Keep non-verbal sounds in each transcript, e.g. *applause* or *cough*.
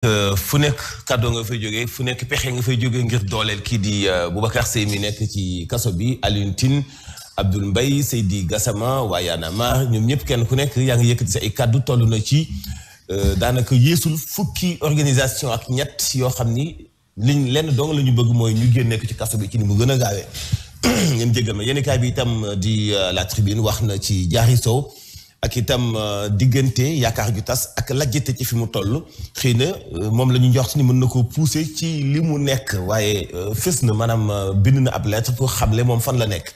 Euh, fu nekk kàddoo nga fay jóge fu nekk pexe nga fay jóge ngir dooleel kii di euh, Boubacar Sèye mi nekk ci kaso bi alintin Tine Abdoul Mbaye Seydi Gassama waa Y'en a marre ñoom ñëpp kenn ku nekk yaa ngi yëkkati sa ay kàddu toll na ci euh, daanaka yéesul fukki organisation ak ñett yoo xam ni liñ lenn doon la ñu bëgg mooy ñu génne ko ci kaso bi ci ni mu gën a gaawee *coughs* ngeen jéggal ma yéenekaay bi itam di La Tribune wax na ci Diary Sow ak itam euh, diggante yaakaar ju tas ak lajjate ci fi mu toll xëy na euh, moom la ñu jox ni mën na ko pousser ci li mu nekk waaye euh, fës na maanaam bind na ab lettre pour xamle moom fan la nekk.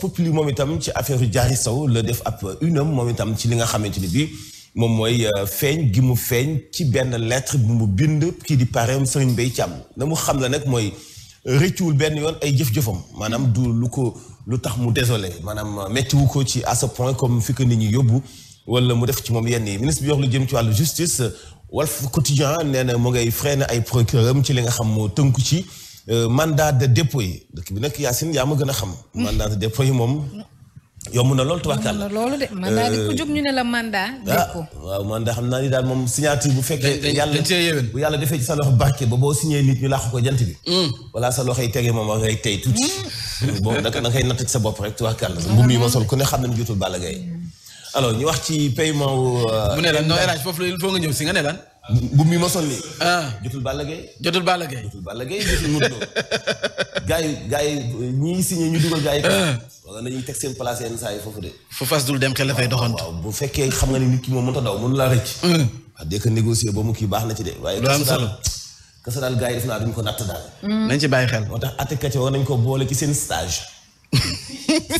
pop li moom itam ci affaire Diary Sow la def ab unam moom itam ci li nga xamante ni bii moom mooy feeñ gi mu feeñ ci benn lettre bu mu bind kii di pareem Serigne Mbaye Thiam na mu xam la nag mooy rëccuwul benn yoon ay jëf-jëfam maanaam du lu ko. lu tax mu désolé maanaam méttiwu ko ci à ce point comme fi ko nit ñi yóbbu wala mu def ci moom yenn yi ministre bi wax lu jëm ci wàllu justice Walf Quotidien nee na mu ngay freiné ay procureur am ci li nga xam moo tënku ci euh, mandat de dépôt dëkk bi nag Yacine yaa ma gën a xam. Hmm. mandat de dépôt yi moom. yomb na lool tubaarkàlla yomb na loolu de mandat di ku euh, jóg ñu ne la mandat. Ah, dépôt waaw xam naa ni daal moom signature bu fekkee. yàlla bu defee ci sa loxo barke ba boo signé nit ñu laax ko jant bi. Hmm. wala sa loxo yi tege moom ak tey tuuti. Hmm. *laughs* bon da da koy sa bopp rek tubaarkàlla mbubb mi ma sol ku ne xam nañ jotul Balla Gaye alors ñu wax ci paiement wu. Euh, mu ne lan non érage la il faut nga si nga ne lan. mbubb mi ma sol nii. Ah. jotul Balla Gaye. jotul Balla Gaye jotul *laughs* yi gars yi ñii signé ñu dugal gars yi. Ah. wala nañuy teg seen place yenn saa yi foofu de. fu fas dul dem xel dafay bu fekkee xam nga ni nit ki moom mënut a daw mënu laa rëcc. ah dès que négocier ba mu kii baax na ci de. waaye. lu am kese daal gars yi def naa duñ ko natt daal. Mm. nañ ci bàyyi xel. moo tax attaqué war nañ ko boole ci seen stage. *laughs*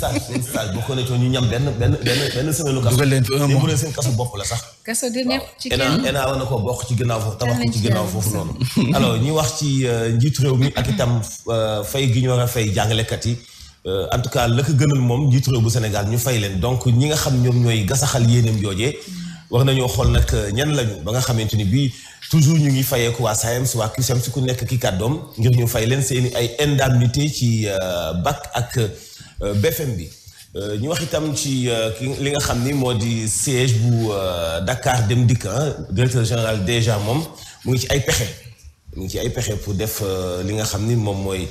stage seen stage boo ko nekkee ñu ñam benn benn benn benn semaine. dugal leen fi un mois te seen kasu bopp la sax. kaso di nekk ci kenn ENA war na koo ginnaaw foofu tabax ko ci ginnaaw foofu noonu. alors ñi wax ci euh, njiitu réew mi ak itam euh, fay gi ñu war a fay jàngalekat yi. Euh, en tout cas la gënal moom njiitu bu Sénégal ñu fay leen donc ñi nga xam ñoom ñooy gasaxal yéeneem joojee. war nañoo xool nag euh, ñan lañu ba nga xamante ni bii toujours ñu ngi fayeeku waa SAEMS waa CUSEMS ku nekk ki kàddoom ngir ñu fay leen seeni ay indemnité ci euh, bakk ak euh, BFM bi ñu wax itam ci li nga xam ni moo di siège bu Dakar Dem Dikk directeur général déjà moom mu ngi ci ay pexe mu ngi ci ay pexe pour def li nga xam ni moom mooy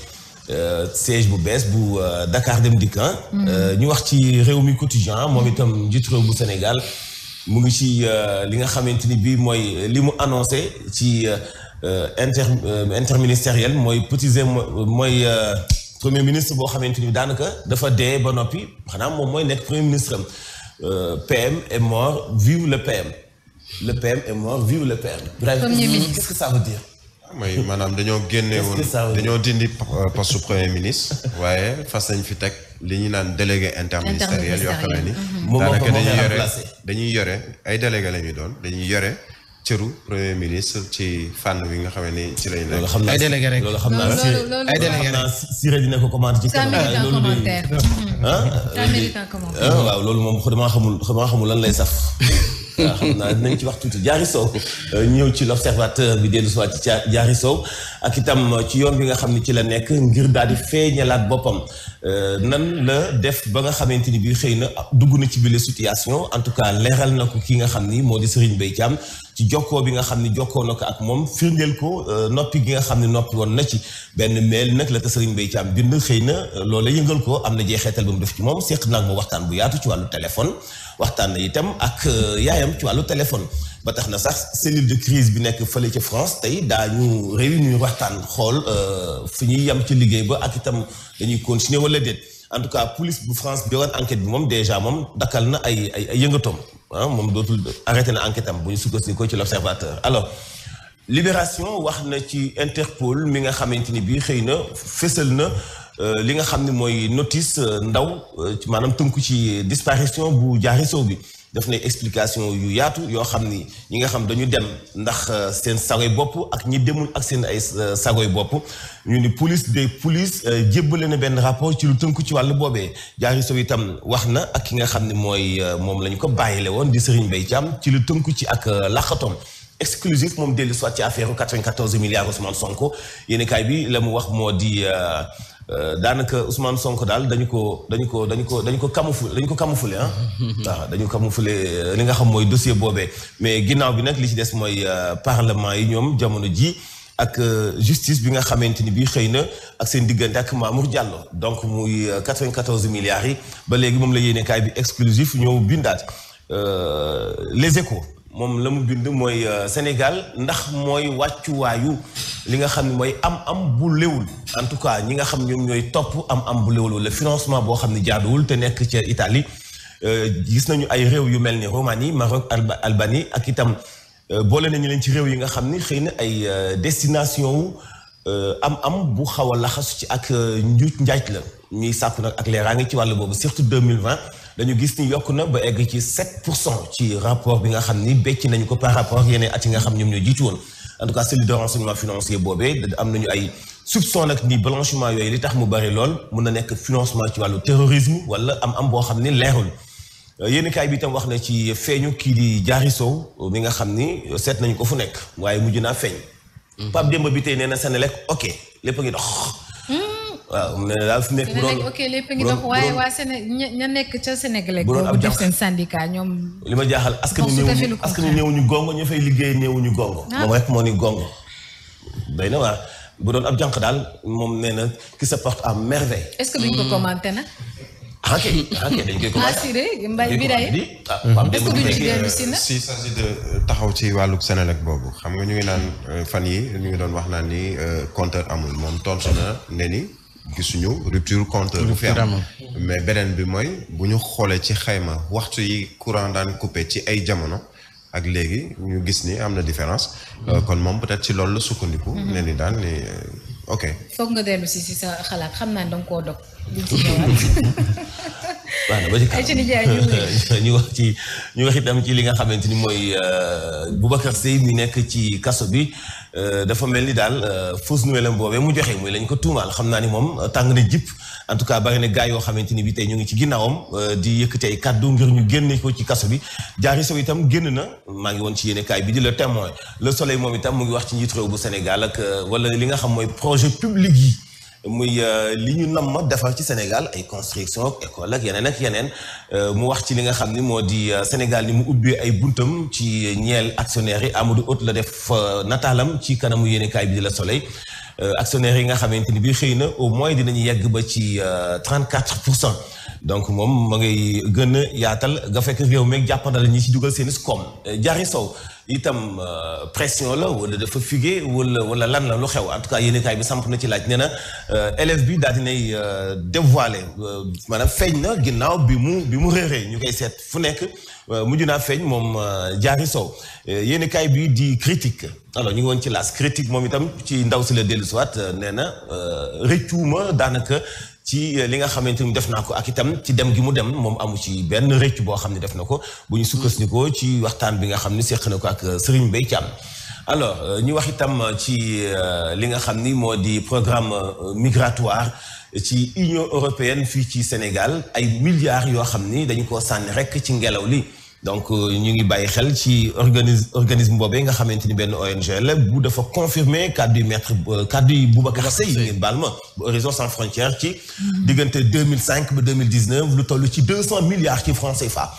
siège bu bees bu Dakar Dem Dikk mm-hmm. ñu wax ci réew mi quotidien moom mm-hmm. itam njiitu réew bu Sénégal mu ngi ci euh, li nga xamante ni bii mooy euh, li mu annoncé ci euh, inter interministériel mooy petit mooy premier ministre boo xamante ni daanaka dafa dee ba noppi xanaa moom mooy nekk premier ministre am PM est mort vive le PM le PM vive le PM. premier ministre qu'est-ce que ça veut dire. Ah, mooy maanaam dañoo génne woon dañoo dindi poste premier ministre *laughs* waaye fas nañ fi teg. li ñu naan délégué interministériel yoo xam ne ni mhm. daanaka dañuy yore dañuy yore ay délégué la ñuy doon dañuy yore cëru premier ministre ci fànn bi nga xam ni ci lañ nekk. xam naa ay délégué rek loolu xam naa ay délégué rek Siré dina ko commenté ci commentaire ah, mhm. ah, ah waaw loolu moom damaa xamul damaa xamul lan lay sax waaw xam naa nañ ci wax tuuti Diary Sow euh, ñëw ci l'observateur bi dellu soit ci Diary Sow ak itam ci yoon bi nga xam ne ci la nekk ngir daal di feeñalaat boppam euh, nan la def ba nga xamante ni bi xëy na dugg na ci bile situation en tout cas leeral na ko ki nga xam ni moo di Serigne Mbaye Thiam ci jokkoo bi nga xam ne jokkoo na ko ak moom firndeel ko euh, noppi gi nga xam ne noppi woon na ci benn meel nag la ko Serigne Mbaye Thiam xëy na euh, loola yëngal ko am na jeexeetal def ci moom seq naag ma waxtaan bu yaatu ci wàllu téléphone waxtaan itam ak euh, yaayam ci wàllu téléphone ba tax na sax cellule de crise bi nekk fële ca France tey daañu réunir waxtaan xool fi ñuy yem ci liggéey ba ak itam dañuy continuer wala déet en tout cas police bu France bi yoroon enquête bi moom déjà moom dakkal na ay ay ay yëngatoom ah moom dootul arrêté na enquête am bu ñu sukkandikoo ci l'observateur alors Libération wax na ci Interpol mi nga xamante ni bii xëy na fësal na euh, li nga xam ne mooy notice euh, ndaw euh, maanaam tunk ci disparition bu jaari sow bi. def na explication yu yaatu yoo xam ni ñi nga xam dañu dem ndax euh, seen sagoy bopp ak ñi demul ak seen ay euh, sagoy bopp ñu ni police des police euh, jébbale na benn rapport ci lu tënku ci wàllu boobee jaari sow itam wax na ak ki nga xam ne mooy moom la ñu ko bàyyile woon di Serigne bay Thiam ci lu tënku ci ak laqatoom exclusif moom dellu soit ci affaire 94 milliards Ousmane Sonko yéeni kaay bi la mu wax moo di Euh, daanaka Ousmane sonk daal dañu ko dañu ko dañu ko dañu ko camoufle dañu ko camoufle *laughs* ah. waaw dañu camoufle euh, li nga xam mooy dossier boobee mais ginnaaw bi nag li ci des mooy euh, parlement yi ñoom jamono ji ak justice bi nga xamante ni bii xëy na ak seen diggante ak Mamour Diallo donc muy 94 milliards yi ba léegi moom la yéene kaay bi exclusif ñëw bindaat les échos. moom la mu bind mooy euh, Sénégal ndax mooy wàccuwaayu li nga xam ne mooy am-am bu léwul en tout cas ñi nga xam ñoom ñooy topp am-am bu léwul wala financement boo xam ne jaaduwul te nekk ca Italie euh, gis nañu ay réew yu mel ni Roumanie Maroc Albanie ak itam euh, boole nañu leen ci réew yi nga xam ni xëy na ay destination wu am-am bu xaw a laxasu ci ak njuuj njaaj la ñuy sàkku nag ak leeraange ci wàll boobu surtout 2020 dañu gis ni yokk na ba egg ci 7 pour cent ci rapport bi nga xam ni becc nañu ko par rapport yeneen at yi nga xam ñoom ñoo jiitu woon en tout cas celui de financier boobee am nañu ay soupçon nag ni blanchiment yooyu li tax mu bari lool mun na nekk financement ci wàllu terrorisme wala am am boo xam ni leerul euh, yéen kaay bi tam wax na ci feeñu kii di jaari soow bi nga xam ni seet nañu ko fu nekk waaye mujj naa feeñ mm-hmm. Pape Demba bi tey nee na Senelec ok lépp a ngi dox waaw ne daal fi nekk bu doon nekk ca Sénégal bu doon ab def ñoom. li ma jaaxal askan wi néewuñu askan wi néewuñu gongo ñu fay liggéey néewuñu gongo. Ah. moom rek moo ni gongo. day na waar bu doon ab jànq daal moom nee na qui se porte à merveille. est-ce que duñ ko hmm. commenté nag. ah ok bi ah, day. Ah, hmm. est-ce si na euh, taxaw ci wàllu Sénégal boobu xam nga ñu ngi naan euh, fan yi ñu ngi doon wax naan ni euh, compteur amul moom tontu na ne ni. gisuñu rupture compteur bu fi am mais beneen bi mooy bu ñu xoolee ci xayma waxtu yi courant daan coupé ci ay jamono ak léegi ñu gis ni am na différence. Euh, kon moom peut-être ci loolu la sukkandiku. Mhm. ne ni daal ni ok. foog nga dellu si si sa xalaat xam naa da nga koo dog. *laughs* waaw ba ci kanam *laughs* ñu wax ci ñu wax itam ci li nga xamante ni mooy euh, Boubacar Seye mi nekk ci kaso bi euh, dafa mel ni daal euh, fausse nouvelle am boobee mu joxe muy lañ ko tuumaal xam naa ni moom tàng na jip en tout cas bari na gaa yoo xamante ni bi tey ñu ngi ci ginnaawam di yëkkati ay kàddu ngir ñu génne ko ci kaso bi jaari sow itam génn na maa ngi woon ci yéene kaay bi di le témoin le soleil moom itam mu ngi wax ci njiit réew bu Sénégal ak wala li nga xam mooy projet public yi muy euh, li ñu nam ma defar ci Sénégal ay construction ak école ak yeneen ak yeneen euh, mu wax ci li nga xam ni moo di euh, Sénégal ni mu ubbee ay buntam ci ñeel actionnaires yi Amadou Hott la def nataalam ci kanamu yéenekaay bi di la Soleil actionnaires yi nga xamante ni bii xëy na au moins dinañu yegg ba ci 34 pour cent donc moom ma ngay gën a yaatal nga fekk réew meeg jàppandal ñi ci dugal seen koom jaari eh, Sow itam euh, pression la wala dafa fugué wala wala lan la lu xew en tout cas yéenekaay bi samp na ci laaj nee na euh, élève bi daal dinay euh, dévoilé maanaam feeñ na ginnaaw bi mu bi mu réeree ñu seet fu nekk mujj naa feeñ moom Diary Sow eh, yéenekaay bi di critique alors ñu ngi woon ci laas critique moom itam ci ndaw si la dellusiwaat nee na ma daanaka ci euh, li nga xamante ni def naa ko ak itam ci dem gi mu dem moom amu ci benn rëcc boo xam ne def na ko bu ñu sukkandikoo mm. ci waxtaan bi nga xam ne seq na ko ak euh, Serigne Mbaye Thiam alors euh, ñu wax itam ci li nga xam ni moo di programme migratoire ci Union européenne fii ci Sénégal ay milliards yoo xam ni dañu ko sànni rek ci ngelaw li donc euh, ñu ngi bàyyi xel ci organisme organisme boobee nga xamante ni benn ONG la bu dafa confirmer kàddu yi maître euh, kàddu yi Boubacar Seye ngeen baal ma Horizon sans frontières ci mm-hmm. diggante 2005 ba 2019 lu toll ci 200 milliards ci francs fa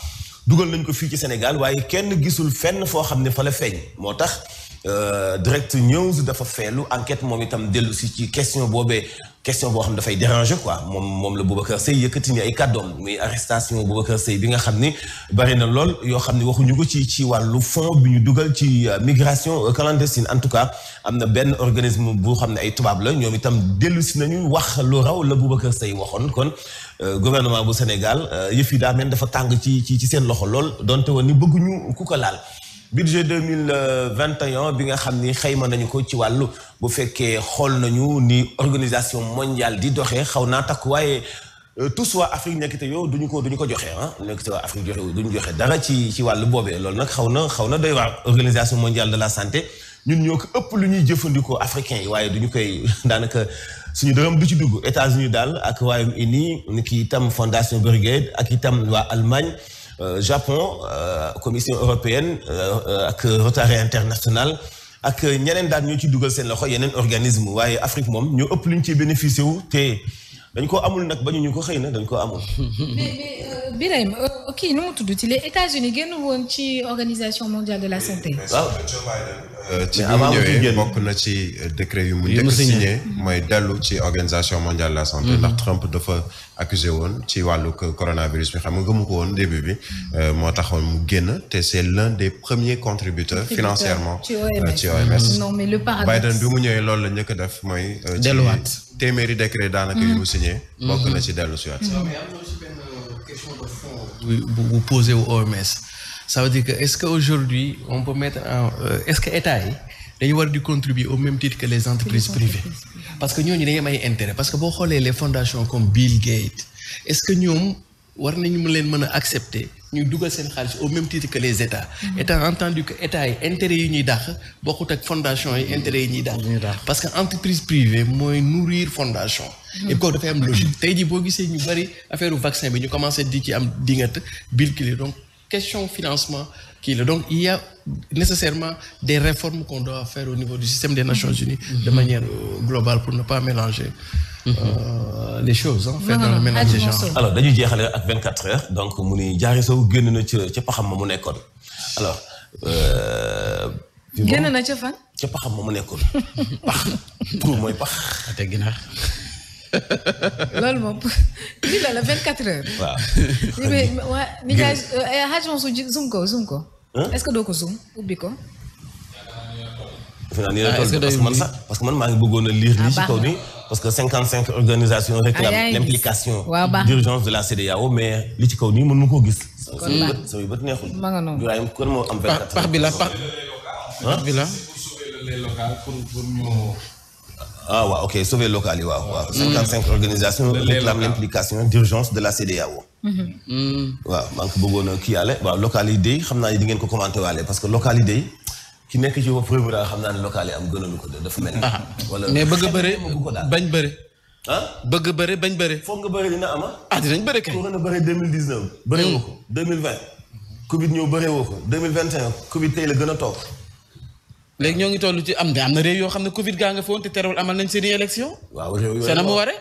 dugal nañ ko fii ci Sénégal waaye kenn gisul fenn foo xam ne fa la feeñ moo tax euh, Direct News dafa feelu enquête moom itam dellu si ci question boobee question boo xam ne dafay déranger quoi moom moom la Boubacar Seye yëkkati ni ay kàddoom muy arrestation Boubacar Seye bi nga xam ni bari na lool yoo xam ne waxuñu ko ci ci wàllu fond bi ñu dugal ci euh, migration euh, clandestine en tout cas am na benn organisme bu xam ne ay tubaab la ñoom itam dellu si nañu wax lu raw la kër Seye waxoon kon euh, gouvernement bu Sénégal yëf yi daa mel dafa tàng ci ci ci seen loxo lool donte woon ni bëgguñu ku ko laal budget deux mille vingt et bi nga xam ni xayma nañu ko ci wàllu bu fekkee xool nañu ni organisation mondiale di doxee xaw naa takk waaye euh, tous waa Afrique nekkite yow duñu ko duñu ko joxe ah nekkite waa Afrique joxe duñu joxe dara ci ci wàllu boobee loolu nag xaw na xaw na doy waar organisation mondiale de la santé ñun ñoo ko ëpp lu ñuy jëfandikoo africains yi waaye duñu koy *laughs* daanaka suñu dërëm du ci dugg États-Unis daal ak Royaume-Uni ni kii itam fondation Bill ak itam waa Allemagne. Euh, Japon euh, commission européenne euh, ak retard international ak ñeneen daal ñu ci dugal seen loxo yeneen organisme waaye Afrique moom ñu ëpp lu ñu ci bénéficié wu te dañ ko amul nag bañu ñu ko xëy na dañ ko amul. *laughs* mais Birahim euh, kii nu mu tudd ci les États-Unis génn woon ci organisation mondiale de la santé. Euh, euh, bi mu ñëwee bokk na ci décret yu mu njëkk signé mooy dellu ci organisation mondiale de la santé. Mhm. ndax Trump dafa accusé woon ci wàllu coronavirus bi xam nga gëmu ko woon début bi mhm. moo taxoon mu génn te c' est des premiers contributeurs financièrement ci OMS mhm. non mais le paradoxe Biden bi mu ñëwee loolu la njëkk a def mooy. delluwaat téeméeri décret daanaka yu mu signé. bokk na ci dellu si question de bu posé au OMS sa veut dire que est-ce que aujourd'hui on peut mettre en euh, est-ce que état yi dañu war di contribuer au même titre que les entreprises privées parce que ñooñu dañu am ay intérêt parce que boo xoolee les fondations comme Bill Gates est-ce que ñoom war nañu leen mën a accepter ñuy dugal seen xaalis au même titre que les états mmh. étant entendu que état yi intérêt yi ñuy dàq bokkut ak fondation yi intérêt yi ñuy dàq parce que entreprise privée mooy nourrir fondation mmh. et kooku dafay am logique mmh. tey jii boo gisee ñu bëri affaire vaccin bi ñu commencé di ci am dingat bilkili donc question financement qui le Donc, il y a nécessairement des réformes qu'on doit faire au niveau du système des Nations Unies de mhm. manière euh, globale pour ne pas mélanger mhm. euh, les choses en fait dans alors dañu jeexale ak 24 heures donc mu ni jaari sow na ca ca paxam ma mu nekkoon alors euh, génn na ca fan ca paxam ma mu nekkoon pax trou mooy pax te *laughs* loolu moom lii *laughs* la la vingt quatre heures. waaw. mi ngi lay Hadj ko zoom ko. que doo ko zoom ko. ah parce que man sax parce que man maa ngi bëggoon a ah, lii ci kaw nii. parce que cinquante cinq organisations réclament ah, l'implication d'urgence de la CEDEAO mais li ci kaw nii mën ma koo gis. kon baax sama bët neexul. ma nga pax bi la pax bi ah waaw ok sauver local yi waaw waaw. 55 mm. organisations réclament l'implication d'urgence de la CEDEAO. Mm-hmm. Mm. waaw maa ngi ko bëggoon a kii yàlla waaw local yi de xam naa ne di ngeen ko commenté waale parce que local yi de ki nekk ci waa Prévira xam naa ne local yi am gënoon ko dafa mel. Ah, wala bëgg ah? bëre bañ bëre. foog nga bëre dina ama ah? ah dinañ bëre kay. waroon na bëre 2019. bëree mm. woo ko 2020. Covid ñëw bëree woo ko 2021 Covid tey la gën a toog. léegi ñoo ngi toll ci am na am na réew yoo xam ne Covid gaa nga foon te terewul amal nañ seen i élection. mu waree.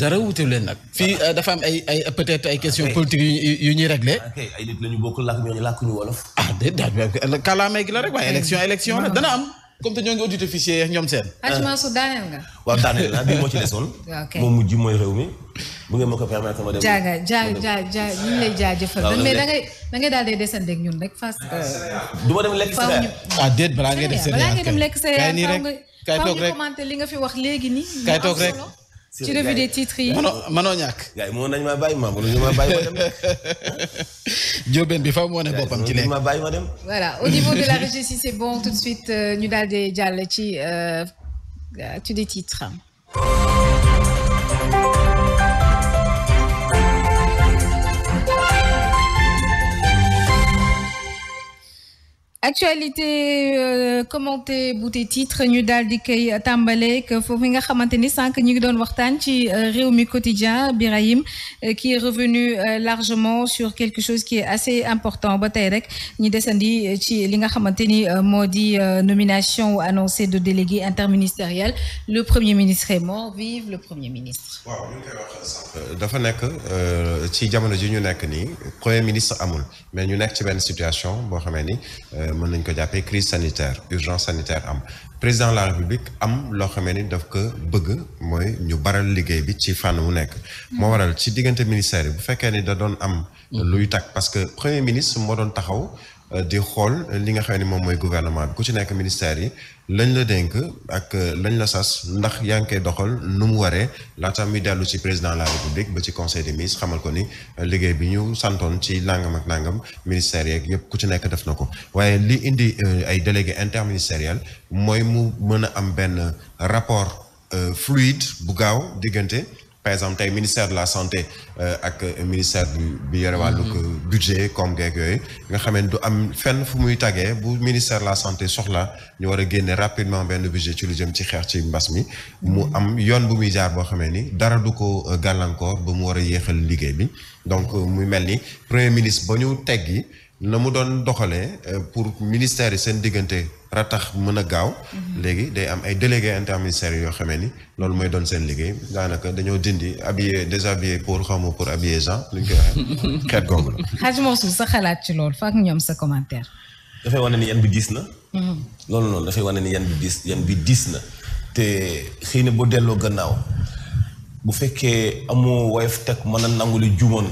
dara wuute leen nag. fi ah, ah. dafa am ay ay peut-être ay questions ah, politiques yu ñuy réglé. ay nit la ñu bokk làkk ñooñu làkk ñu wolof. ah déedéet kàllaamay gi la rek waaye élection élection la dana am. comme te ñoo ngi audité fichier yeeg ñoom seen. franchement su daaneel nga. waaw daaneel naa bii moo ci desoon. *laughs* ok moom mujj mooy réew mi. bu ngeen ma ko permettre ma dem. jaaga jaa jaa jaa ñu ngi ngay da ngay daal di desandi ak ñun rek fast. Euh, du ma dem lekk sa yaay. ah déet balaa ngay def sa yaay balaa dem lekk sa yaay. nii rek kaay toog rek li nga fi wax léegi nii. kaay toog rek. ci revue des titres yi mënoo mënoo ñàkk. gars yi ma mënoon ma dem. *laughs* Diobène bi faaw moo ne ci nekk ma bàyyi ma dem. voilà au niveau de la *laughs* régie si c'est bon tout de suite euh, ñu daal di jàll ci actu euh, euh, des titres. actualité euh, commenté bu te titre ñu daal di koy tàmbaleek foofu nga xamante ni sànq ñu ngi doon waxtaan ci euh, réew mi quotidien Birahim euh, qui est revenu euh, largement sur quelque chose qui est assez important ba tey rek ñu desandi ci li nga xamante ni moo di nomination annoncée de délégué interministériel le premier ministre est mort vive le premier ministre. waaw ñu ngi koy wax dafa nekk ci jamono ji ñu nekk nii ministre amul ñu nekk ci benn situation boo xamee ni. mën nañ ko jàppee crise sanitaire urgence sanitaire am président la république am loo xamee ni daf ko bëgg mooy ñu baral liggéey bi ci fànn wu nekk. moo waral ci diggante ministère yi bu fekkee ni da doon am. Mm-hmm. luy takk parce que premier ministre moo doon taxaw. di xool li nga xam ne moom mooy gouvernement bi ku ci nekk ministère yi lañ la dénk ak euh, lañ la sas ndax yaa ngi koy doxal nu mu waree laata muy dellu ci président la république ba ci conseil des ministres xamal ko ni euh, liggéey bi ñu santoon ci nangam ak nangam ministère yeeg yëpp ku ci nekk def na ko waaye li indi euh, ay délégué interministériel mooy mu mën a am benn rapport fluide bu gaaw diggante par exemple tey ministère de la santé euh, ak euh, ministère du bi yore wàllu mm-hmm. budget comme geeg yooyu nga xam ne du am fenn fu muy tagee bu ministère la santé soxla ñu war a génne rapidement benn budget ci lu jëm ci xeex ci mbas mi mu mm-hmm. am yoon bu muy jaar boo xamee ni dara du ko euh, gàllankoor ba mu war a yéexal liggéey bi donc muy mel ni premier ministre ba ñu teggi na mu doon doxalee euh, pour ministères yi seen diggante ratax mën a gaaw. Mhm. léegi day am ay délégués interministériels yoo xamee ni loolu mooy doon seen liggéey daanaka dañoo dindi habillé déshabillé pour xamu pour habiller Jean luñ koy waxee *laughs* xeet googu la. Hadj Mansour sa xalaat ci loolu faak ñoom sa commentaire. dafay wane ni yan bi diis na. Mhm. loolu noonu dafay wane ni yan bi diis yan bi diis na te xëy na boo delloo gannaaw bu fekkee amoo woyof teg mën a nangu li juumoon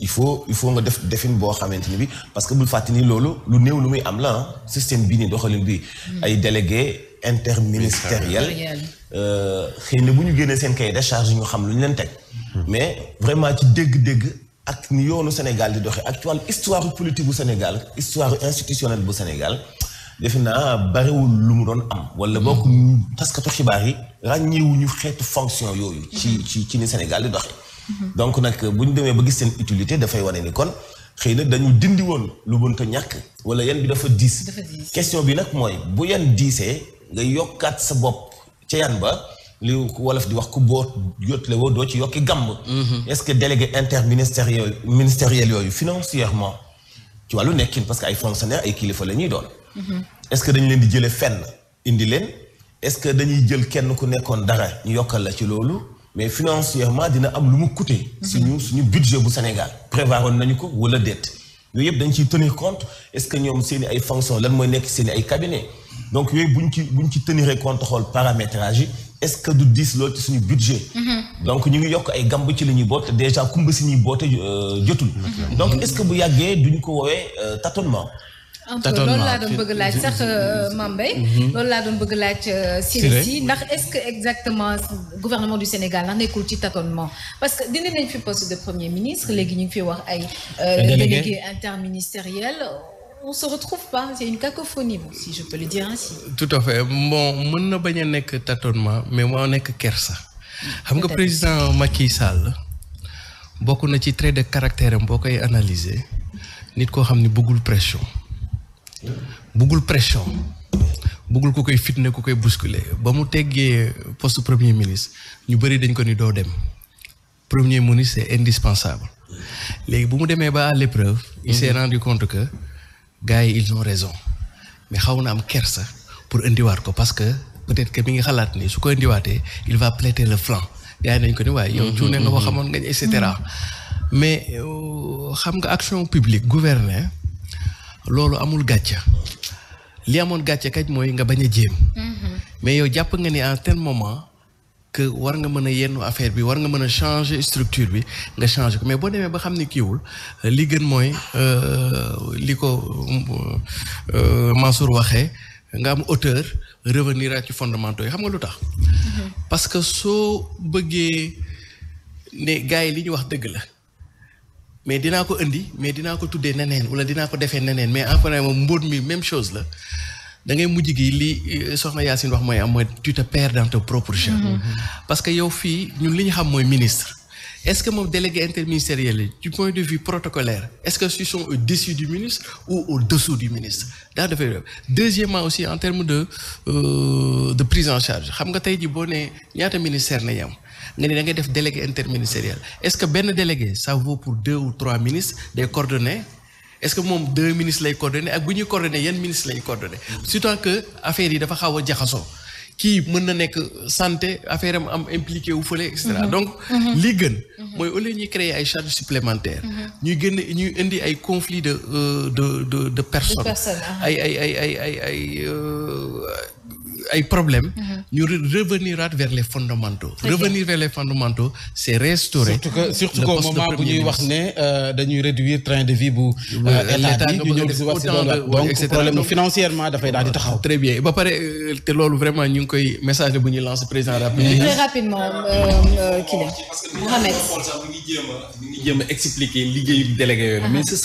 il faut il faut nga def defin boo xamante ni bi parce que bul fàtte ni loolu lu néew lu muy am la ah, système bi nii doxalin bi hmm. ay délégué interministériel euh, xëy na bu ñu génnee seen cahier de charge ñu xam lu ñu leen teg hmm. mais vraiment ci dégg-dégg ak ni yoonu Sénégal di doxee ak ci wàllu histoire politique bu Sénégal histoire institutionnelle bu Sénégal defe naa bariwul lu mu doon am wala bokk hmm. taskatu xibaar yi ràññeewuñu xeetu fonction yooyu ci ci ci ni Sénégal di doxee Mhm. donc nag bu ñu demee ba gis seen utilité dafay wane ni kon xëy na dañu dindi woon lu mënta ñàkk wala yan bi dafa diis. question bi nag mooy bu yan diisee nga yokkaat sa bopp ca yan ba li wolof di wax ku boo yotle woo doo ci yokki gàmm. Mhm. est-ce que délégué interministériel ministériel yooyu financièrement ci wàllu nekkin parce que ay fonctionnaire ay kilifa la ñuy doon. Mhm. est-ce que dañu leen di est-ce que dañuy jël kenn ku nekkoon dara ñu yokkal la ci loolu. mais financièrement dina am lu mu coûter suñu suñu budget bu Sénégal prévoiroon nañu ko wala déet yooyu yëpp dañ ciy tenir compte est-ce que ñoom seen i ay fonctions lan mooy nekk seen i ay cabinet donc yooyu buñ ci buñ ci tenir compte yi est-ce que du diis loolu ci suñu budget mm-hmm. donc ñu ngi yokk ay gamb ci li ñuy boote déjà kumba si ñuy boote euh, jotul mm-hmm. donc est-ce que bu yàggee duñu ko woowee euh, tâtonnement un peu mhm. loolu laa doon bëgg laaj sax Mame Mbaye loolu laa doon bëgg laaj Siré Sy ndax est-ce que exactement gouvernement du Sénégal ndax nekkul ci tâtonnement parce que dindi nañ fi poste de premier ministre léegi ñu ngi fi wax ay euh, délégué interministériel on se retrouve pas c'est une cacophonie bon si je peux le dire ainsi tout à fait bon mën na bañ nekk tâtonnement mais moo nekk kersa xam nga président Macky Sall bokk na ci trait de caractère am boo koy nit koo xam ne bëggul pression buggul pression buggul ko koy fitne ku koy busculer ba mu teggee post premier ministre ñu bëri dañ ko ni doo dem premier ministre c'est indispensable léegi bu mu demee ba à l'épreuve il s'est mhm. rendu compte que gars yi ils ont raison mais xaw na am kersa pour indiwaat ko parce que peut-être que mi ngi xalaat ni su ko indiwaatee il va prêter le flanc gars yi nañ ko ni waaye yow cuune nga ko mhm. xamoon nga et cetera mhm. mais euh, xam nga action publique gouverner loolu amul gàcce li amoon gàcce kaj mooy nga bañ a jéem. Mhm. mais yow jàpp nga ni en tel moment que war nga mën a yenn affaire bi war nga mën a changer structure bi nga changer ko mais boo demee ba xam ni kiiwul li gën mooy euh, li ko euh, Mansour waxee nga am hauteur revenir à ci fondamentaux yi xam nga lu tax. Mhm. parce que soo bëggee ne gars yi li ñu wax dëgg la. mais dinaa ko indi mais dinaa ko tuddee neneen wala dinaa ko defee neneen mais en fait moom mbóot mi même chose la da ngay mujj gi li euh, soxna Yacine wax mooy am mooy tu te propre jeu. Mm-hmm. parce que yow fii ñun li ñu xam mooy ministre. est-ce que moom délégué interministériel yi du point de vue protocolaire est-ce que ce sont au-dessus du ministre ou au-dessous du ministre daa defee def deuxièmement aussi en termes de euh, de prise en charge xam nga tey ji boo nee ñaata ministère na yam nga ni da ngay def délégué interministériel est-ce que benn délégué sa vaut pour deux ou trois ministres des coordonnées est-ce que moom deux ministres lay coordonné ak bu ñuy coordonné yan ministres lay coordonné surtout que affaire yi dafa xaw a jaxasoo kii mën na nekk santé affaire am am impliqué wu fële et cetera mm-hmm. donc mm-hmm. li gën mm-hmm. mooy au lieu ñuy créer ay charges supplémentaires ñuy gën ñuy indi ay conflits de euh, de de de personnes ah. ay ay ay ay ay ay euh, ay problèmes. Mmh. ñu reveniraat vers les fondamentaux. revenir vers les fondamentaux c'est restaurer. surtout que surtout qu'au bu ñuy wax ne euh, dañuy réduire train de vie bu. Euh, état bi ñu ñëw si wax si financièrement dafay daal taxaw. très bien ba pare euh, te loolu vraiment ñu ngi koy message bu ñuy lancer président rapidement. rapidement Kine Mohamed. ñu a a expliquer liggéeyu délégué yooyu. mais ce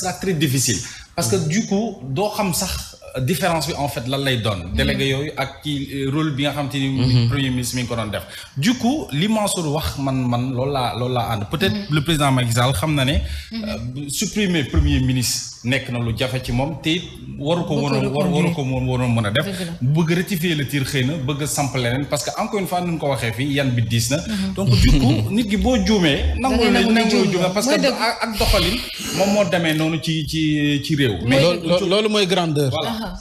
sera très difficile. parce que du coup doo xam sax. différence bi en fait lan lay doon. Mm-hmm. délégué yooyu ak ci euh, rôle bi nga xam te ni. Mm-hmm. premier ministre mi ngi ko doon def. du coup li Mansour wax man man loolu laa loolu laa ànd. peut-être mm-hmm. le président Macky Sall xam na ne. Euh, supprimer premier ministre. nekk na lu jafe ci moom te waru ko woon waru ko woon mën a def bëgg rectifier le tir xëy na bëgg a samp leneen parce que am une fois nu ko waxee fii yan bi diis mhm. boo juumee nangul la nangul juume parce que ak doxalin moom moo demee noonu ci ci ci réew mais loolu mooy grandeur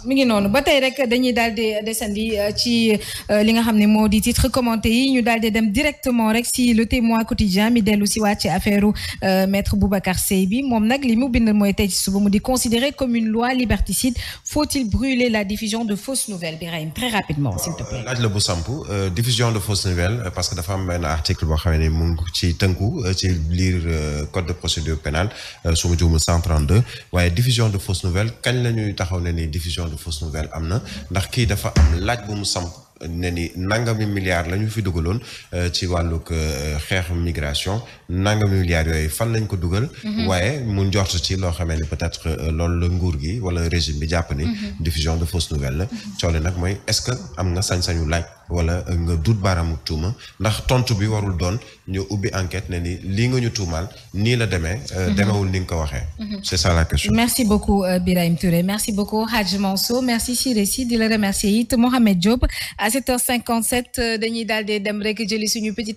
mi ngi noonu ba tey rek dañuy daal di descendi euh, ci euh, li nga xam ne moo di titre commenté yi ñu daal di dem directement rek ci le témoin quotidien mi dellu si waat ci affaire euh, maître Boubacar Sèye bi moom nag li mu bind mooy tey ci suba dit considéré comme une loi liberticide faut-il brûler la diffusion de fausses nouvelles Birahim très rapidement la bu samp euh, diffusion de fausses nouvelles euh, parce que dafa am benn article boo xam ne mu ngi ci tënku euh, ci biir code de procédure pénale su ma juumul waaye diffusion de fausses nouvelles kañ la ñuy taxaw ne nii diffusion de fausses nouvelles am na ndax kii dafa am laaj bu mu samp. ne ni nangami milliards la ñu fi dugaloon euh, ci wàllug euh, xeex migration nangami milliards yooyu fan lañ ko dugal. Mhm. waaye mu njort ci loo xamee ne peut-être euh, loolu la nguur gi wala régime bi jàpp ni. Mhm. diffusion de fausses nouvelles la. Mhm. coole nag mooy est-ce que am nga sañ-sañu laaj. wala nga dut baaraamu tuuma ndax tontu bi warul doon ñu ubbi enquête ne ni lii nga ñu tuumaal nii la demee. Euh, mhm. demewul ni nga ko waxee. Mhm. c'est ça la question. merci beaucoup euh, Birahim Touré merci beaucoup Hadj Mansour merci Siré Sy di la remercier it Mohamed Diop à 7h57 euh, dañuy daal dem rek jëli suñu petit.